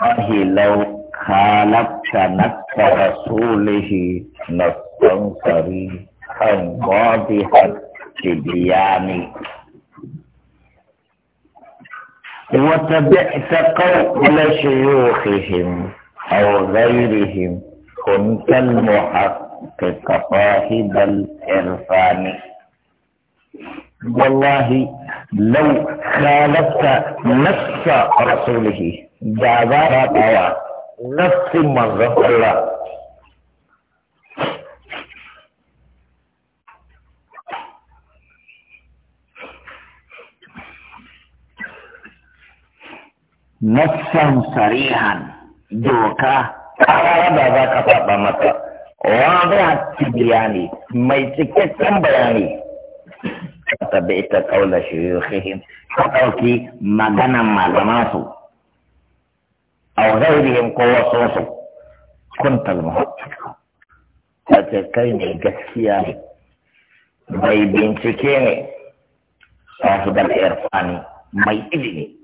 فهي لو خالفت نفس رسوله نصا صريحا واضحا تبيان وتبعت قول شيوخهم او غيرهم كنت المحقق صاحب العرفان والله لو خالفت نفس رسوله da za a tsawa nafsin manzon Allah nafsan sarihan doka ƙarara da za ka faɗa mata wada tibiyani mai cikakken bayani ta bai ta kaula shirihim ta ɗauki maganan malamansu أو غيرهم قوة صوتهم كنت المهدف أتكين الجسية بي بنتكيني صاحب الإرفاني مي إذني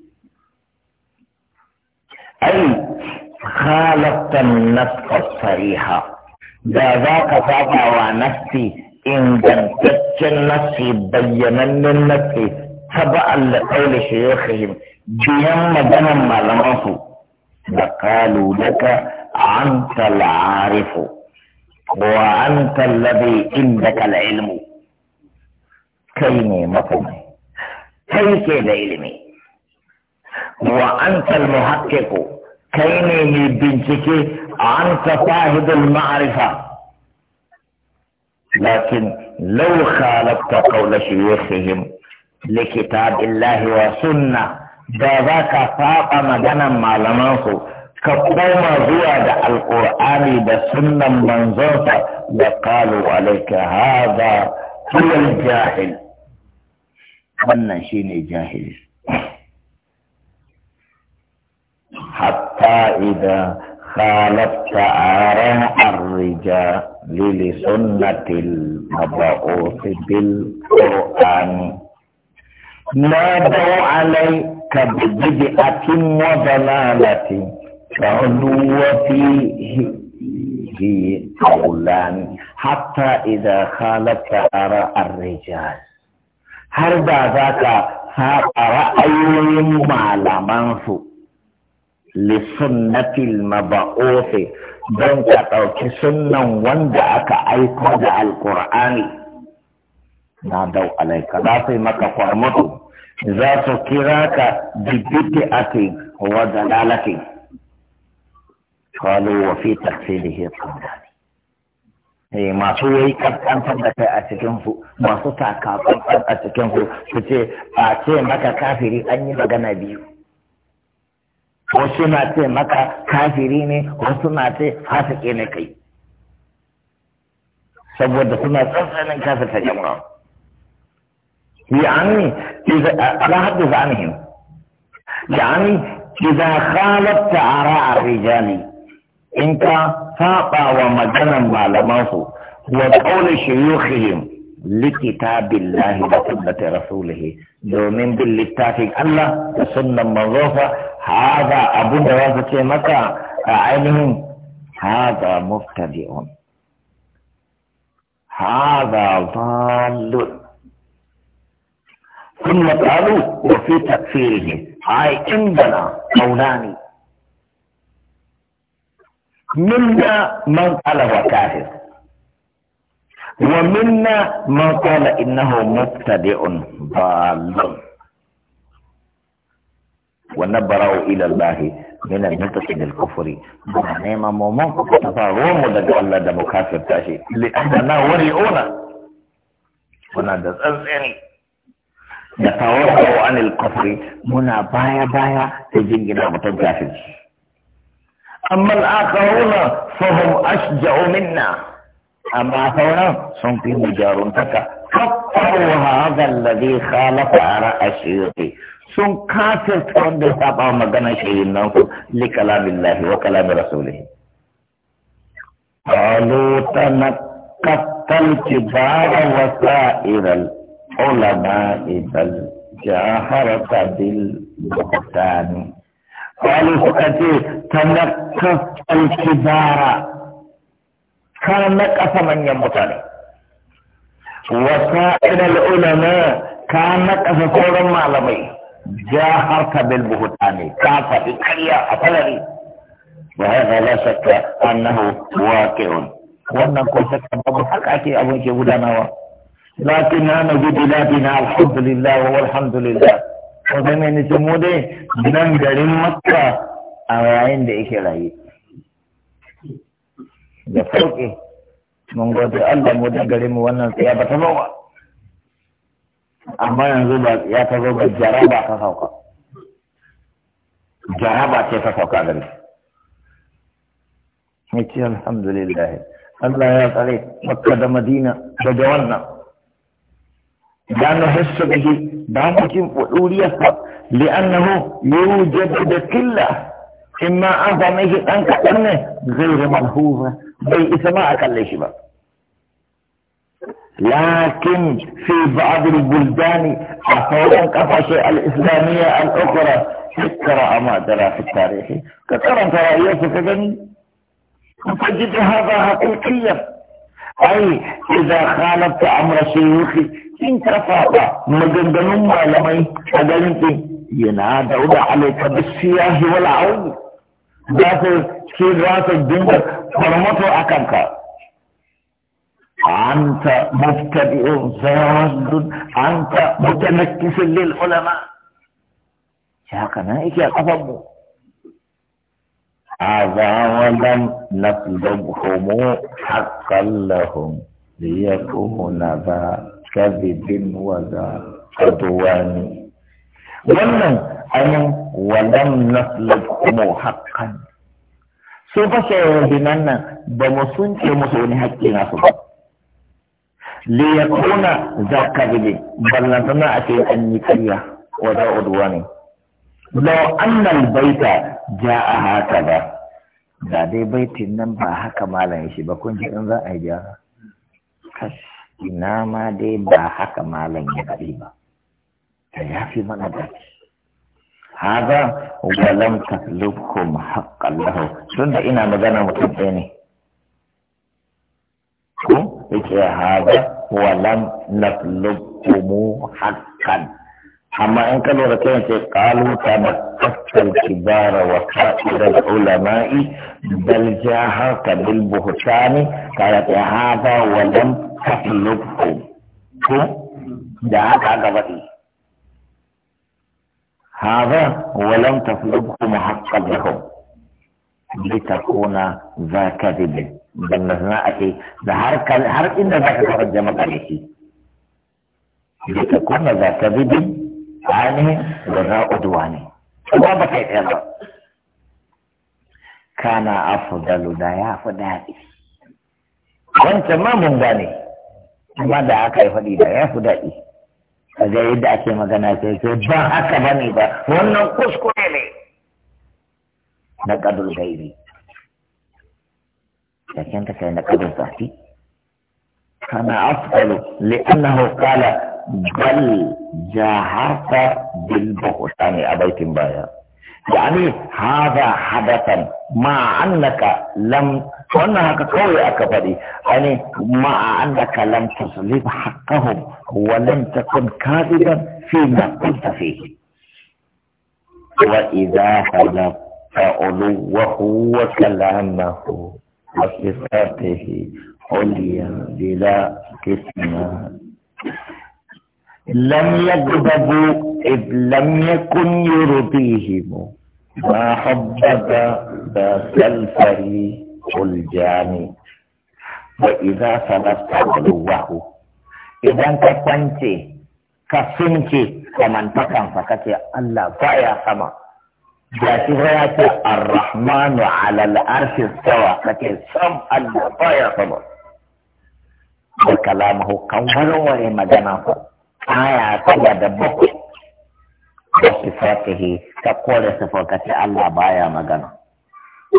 أي خالفت النسق الصريحة ذاك فاقع ونفسي إن جنتك النفسي بيّنن النفسي تبع لقول شيوخهم جيام مدنم ما لمنفو لقالوا لك أنت العارف وأنت الذي عندك العلم كيني مطمئن كيك العلم وأنت المحقق كيني من بنتك أنت صاحب المعرفة لكن لو خالفت قول شيوخهم لكتاب الله وسنه da za ka saba maganan malamansu ka koma zuwa da alƙur'ani da sunnan manzonsa da kalu alaika haza huwal jahil wannan shine jahil hatta idan خالفت آراء الرجال لسنة المبعوث بالقرآن ما دعوا عليه كبدعة وضلالة فعلو فيه في قولان حتى إذا خالف أراء الرجال هل ذاك صار رأيهم معلمانه لسنة المبعوث دون تطوك سنة وندعك أيكو القرآن نادو عليك لا في مكة فرمته za su kira ka bibiti ati wa dalalati qalu wa fi tafsirihi qadani eh masu yi kankan da kai a cikin su masu kan a cikin su su ce a ce maka kafiri an yi magana biyu wasu na ce maka kafiri ne wasu na ce fasike ne kai saboda suna tsantsanin ta jama'a يعني إذا أتحدث عنهم يعني إذا خالفت آراء الرجال أنت فاق ومجنا معلمه وقول شيوخهم لكتاب الله وسنة رسوله دومين باللتاف الله وسنة مظوفة هذا أبو دواسة مكة عينهم هذا مبتدئ هذا ضال ثم قالوا وفي تكفيرهم هاي عندنا قولان منا من قال هو كافر ومنا من قال انه مبتدئ ضال ونبروا الى الله من المنتصر الكفري معناه نعم، ما مومو تفاهموا ده الله ده مكافر تاشي لاننا ورئونا ونادى تسألني da tawakkau anil kufri muna baya baya ta jingina mutum kafirci amma al-akharuna fahum ashja'u minna amma sauran sun fi mu jaruntaka kaffaru hadha alladhi khalafa ara ashiyati sun kafir wanda ya saba magana shayin nan ku li kalamillahi wa kalami rasulih qalu tanakkatal kibara wa علماء بل جاهرت بالبهتان قالوا سكتي تنقف الكبار كان نقف من يمتن وسائر العلماء كان نقف كل معلمي جاهرت بالبهتان كافة الكريا أفلري وهذا لا شك أنه واقع وأنكم تتبعوا حقك أبو جهودنا lakinna na gudu latina alhamdulillah wa alhamdulillah wata mai nace garin makka a yayin da raye da sauƙi mun gode Allah mu da garin mu wannan tsaya ba ta zo amma yanzu ba ya ta zo jaraba ta sauka jaraba ce ta sauka alhamdulillah Allah ya tsare makka da madina daga wannan لأنه حس به بانك فعولية لأنه يوجد بكلة إما أنت ميجد أنك أنه غير ملحوظة بي إسماء كالليش شباب لكن في بعض البلدان أحيانا كفش الإسلامية الأخرى فكرة ما ترى في التاريخ كثيرا ترى يوسف بن تجد هذا حقيقيا أي إذا خالفت أمر شيوخي in kafafa maganganun malamai a garin ɗin yana dauda alaika bisiya shi wala auzu za su ce za su dinga farmato a kanka anta mubtadi'un zawaddun anta mutanakkisun lil ulama ya kana yake a kafan mu هذا ولم نطلبهم حقا kuma na ذا kadhibin waza za adwani wannan ainihin walam nasluk kuma haqqan sun sai rundunan nan ba mu sun ce musu wani haƙƙi nasu ba ya kuna za kadhibin ballantana a ce an yi karya ne. za udwani baita ja a haka ba. da dai baitin nan ba haka malam shi ba kun ji in za a yi gyara kashi ina ma dai ba haka malam ya faɗi ba da ya fi mana dace haza walam taslukum haqqan lahu tunda ina magana mutum ɗaya ne ko yake haza walam naslukum haqqan amma in ka lura kai ce qalu tabakkal kibara wa sa'ira ulama'i bal jahaka bil buhtani kaya ta hada wa lam taklubhu ko da haka aka faɗi هذا ولم تطلبه محقا لهم لتكون ذا كذب بل بالنسبة أتي هر إن ذاك ترجم عليه لتكون ذا كذب عنه وذا أدواني ما بكيت يا الله كان أفضل لا يا فدائي وانت ما من ذلك kuma da aka yi faɗi da ya fi daɗi a zai yadda ake magana sai ce ba haka ba ne ba wannan kuskure ne na ƙadul a لكن كان قد الضعفي فما أفضل لأنه قال بل جاهرت بالبهتان أبيت بايا يعني هذا حدث مع أنك لم وأنها كقوي أكبري يعني مع أنك لم تصلب حقهم ولم تكن كاذبا فيما قلت فيه وإذا هلف فعلوه وكلامه وصفاته عليا بلا كتمان لم يغضبوا إذ لم يكن يرضيهم ما حبب ذاك الفريق الجاني وإذا صدقت عدوه إذا كنت كسنك ومن تكن فكتي الله فايا سما جاتي الرحمن على الأرش استوى كتي سم الله فايا سما وكلامه كان ولو مجنافه aya tana da bakwai da sifatihi ta kore sifatace Allah baya magana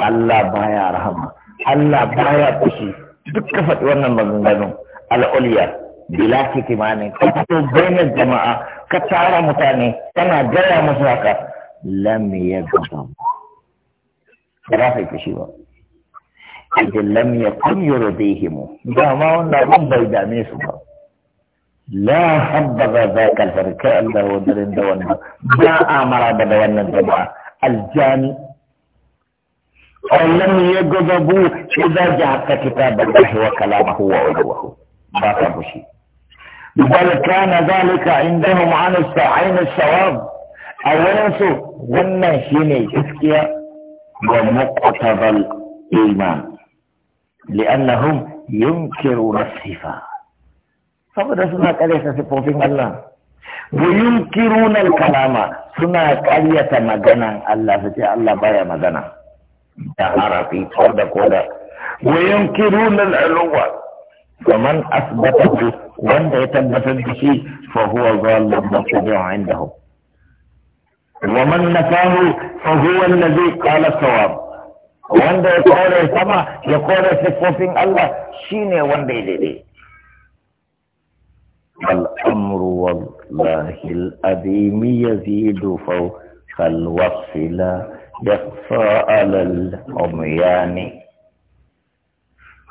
Allah baya rahama Allah baya kushi duk ka faɗi wannan maganganu al'uliya bila kitimani ka fito bayan jama'a ka tara mutane kana gaya musu haka lam yaghdab ba za su kushi ba idan lam yakun yurdihim dama wannan abin bai dame su ba لا حبذا ذاك الفرق كأن له در جاء ما أمر بدون الجماعة الجاني أو لم يجذبوا إذا جعلت كتاب الله وكلامه وعلوه ما تبشي بل كان ذلك عندهم عن السعين الشواب أولا ظن شيني إسكيا ومقتضى الإيمان لأنهم ينكرون الصفات saboda suna karyata sifofin Allah وينكرون الكلام سنا قرية مغنى الله سجى الله بايا مغنى عرفي كودا كودا وينكرون العلو فمن أثبته وان يثبت به فهو ظالم مبتدع عندهم ومن نفاه فهو الذي قال الصواب وان يقول سما يقول سفوفين الله شيني وان دي دي, دي. والأمر والله الأديم يزيد فوق الوصف لا يخفى على العميان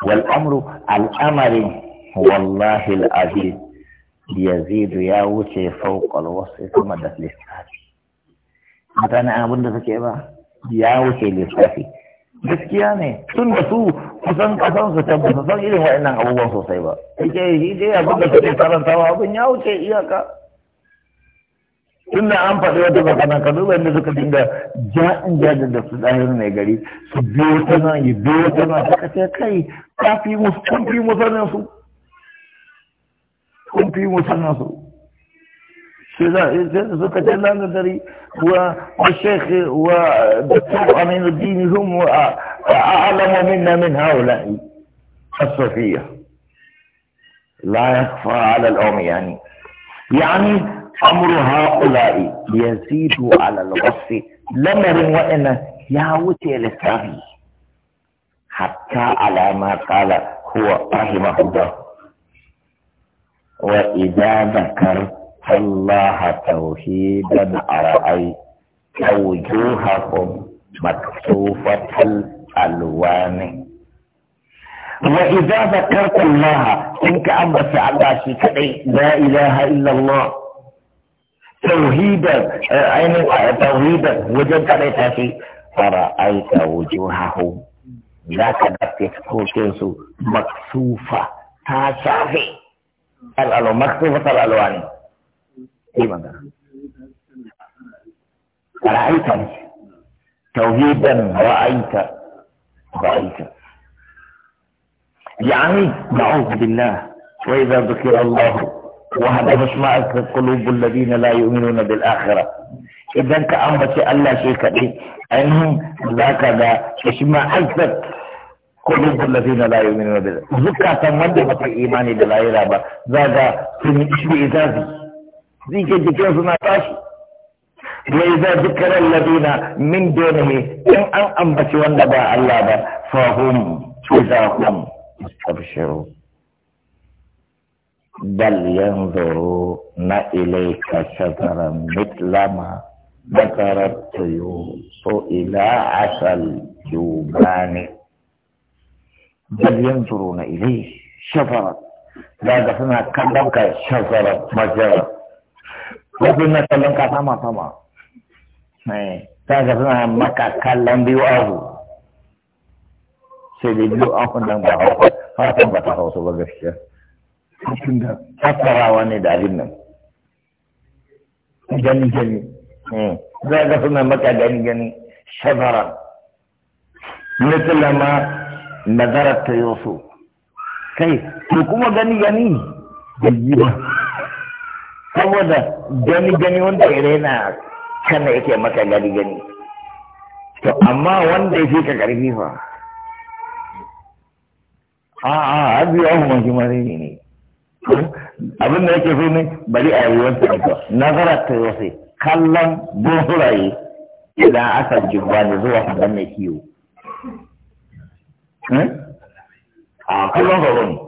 والأمر الأمر والله العزيز يزيد يا وشي فوق الوصف ثم دخل الثاني أنا أقول لك يا وشي للثاني gaskiya ne tun da su kusan kasan su ta tabbata san irin wa'annan abubuwan sosai ba ike shi dai abin da suke karantawa abin ya wuce iyaka tun da an faɗi wata magana ka duba inda suka dinga ja'in jajin da su ɗahirin mai gari su biyo ta nan yi biyo ta nan suka ce kai ka fi musu kun fi musanin su kun fi musanin su سكة والشيخ والدكتور أمين الدين هم أعلم منا من هؤلاء الصوفية لا يخفى على الأم يعني يعني أمر هؤلاء يزيد على الوصف لمر وإن يعود للسهل حتى على ما قال هو رحمه الله وإذا ذكرت الله توحيدا أرأي وجوهكم مكتوفة الألوان وإذا ذكرت الله إنك أمرت على شيء لا إله إلا الله توحيدا أين توحيدا وجدت عليك في فرأيت وجوههم ذاك تفكوكنسو مكسوفة تاسافي الألوان مكسوفة الألوان yi magana ra'ayta رأيت tauhidan رأيت يعني نعوذ بالله وإذا ذكر الله وحده اسمعت قلوب الذين لا يؤمنون بالآخرة إذا أنت أمبتي الله شيء كبير أنهم ذاك ذا اسمعت قلوب الذين لا يؤمنون بالآخرة ذكرة من دفع إيماني بالآخرة ذاك في من إشبه زي كده ذكر الذين من دونه إن أن أنبت والنبا الله فهم إذا هم استبشروا بل ينظرون إليك شذرا مثل ما ذكرت إلى عسى الجبان بل ينظرون إليه شذرا لا دخلنا كلامك شذرا مجرد wasu na kallon ka sama sama eh, ta ga suna maka kallon biyu abu sai da biyu ba hausa ba ta hausa ba gaskiya ne da abin nan gani gani eh, za ga suna maka gani gani shazara nazarar ta kai to kuma gani gani saboda gani gani wanda ya daina kana yake maka gani gani to amma wanda ya fi ka karfi fa a'a abu ya huma shi marini ne abin da yake so ne bari a yi wancan abuwa nazara ta wasu kallon buhuraye idan aka jibba da zuwa kadan mai kiwo hmm? a kallon horo ne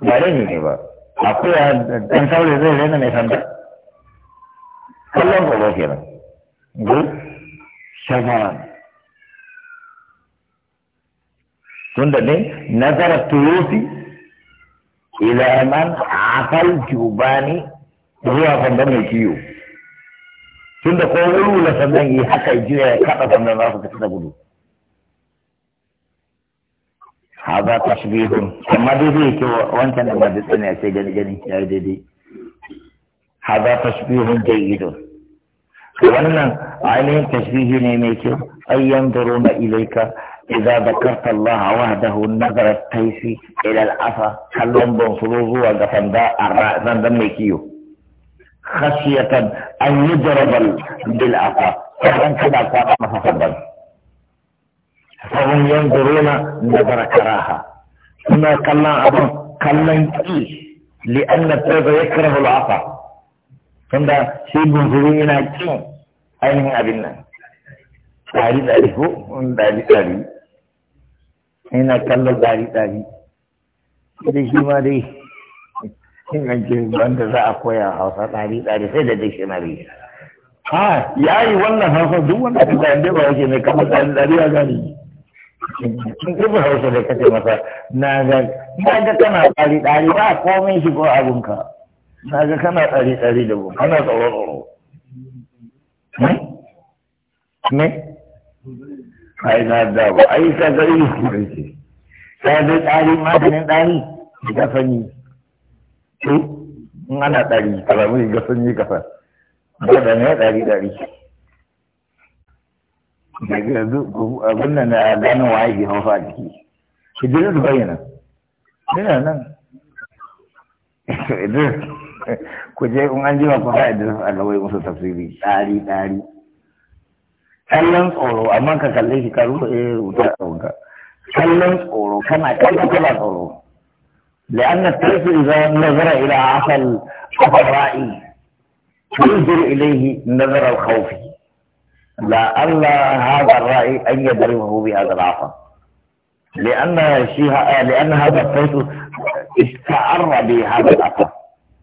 ba ne ba akwai a ɗan saurayi zai raina mai sanda kallon gaba kenan go shamaran tun da ne nazara turusi ila man akal jubani zuwa sanda mai kiyo tun da ko wurwula sandan yi haka juya ya kaɗa sandan za su fita da gudu haza tashbihu amma dai zai ke wancan da tsani a ce gani gani ya yi daidai haza tashbihun ido wannan ainihin tashbihi ne mai kyau ay ilaika? ilayka da dhakarta Allah wahdahu nazara tayfi ila al-afa kallon ban zuwa ga fanda arrazan dan mai kiyo khashiyatan an yi bil afa kan kada ka masa sabban fahim yanzuruna nazara karaha suna kallon abin kallon ki li'anna tsaga yakrahu al'afa da shi gunzuri yana kin ainihin abin nan tsari tsari ko tsari tsari yana kallon tsari tsari da shi ma dai in an ce wanda za a koya a hausa tsari tsari sai da dictionary ha ya yi wannan hausa duk wanda ka tsaye ba yake ne kamar tsari tsari ya gani in kuma hausa da kace masa na ga na ga kana tsari tsari ba komai shi ko abunka na ga kana tsari tsari da gun kana tsoro tsoro hmm? ne ai na da ba ai ka ga yi kurce sai dai tsari maganin tsari ga sanyi to hmm? in ana tsari ka samu ga sanyi kasa ba da ne tsari tsari abin da na gano wa yake hausa a jiki idris bayyana yana nan idris ku je in an jima ku sa idris a gaba musu tafsiri tsari tsari kallon tsoro amma ka kalle shi ka rufe eh rubuta a wanka kallon tsoro kana kallon kana tsoro لأن التأثير إذا نظر إلى عسل الرأي ينظر إليه نظر الخوف لعل هذا الرأي أن يضربه بهذا العصا لأن شيها لأن هذا الفيس استعر بهذا العصا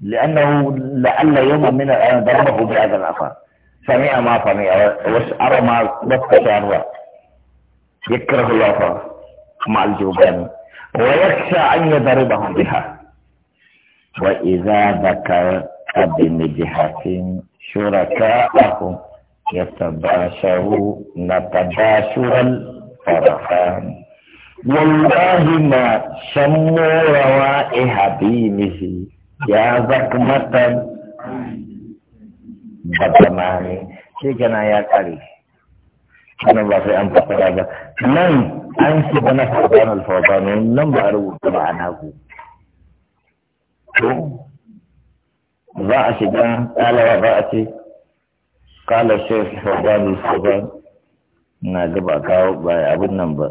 لأنه لعل يوم من الأيام ضربه بهذا العصا سمع ما سمع واشعر ما شعر يكره العصا مع الجوبان ويخشى أن يضربه بها وإذا ذكر بمجهة شركاءهم يتباشرون تباشر الفرحان والله ما شموا روائح دينه يا زكمة بدماني شيء كان يا كريم أنا بقي أن هذا من أنسب نفسان الفوضان لم أروه طبعا هكو za a shiga ɗalawa za a ce kala shek hobani soban na gaba kawo ba abin nan ba.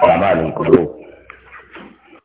Amma da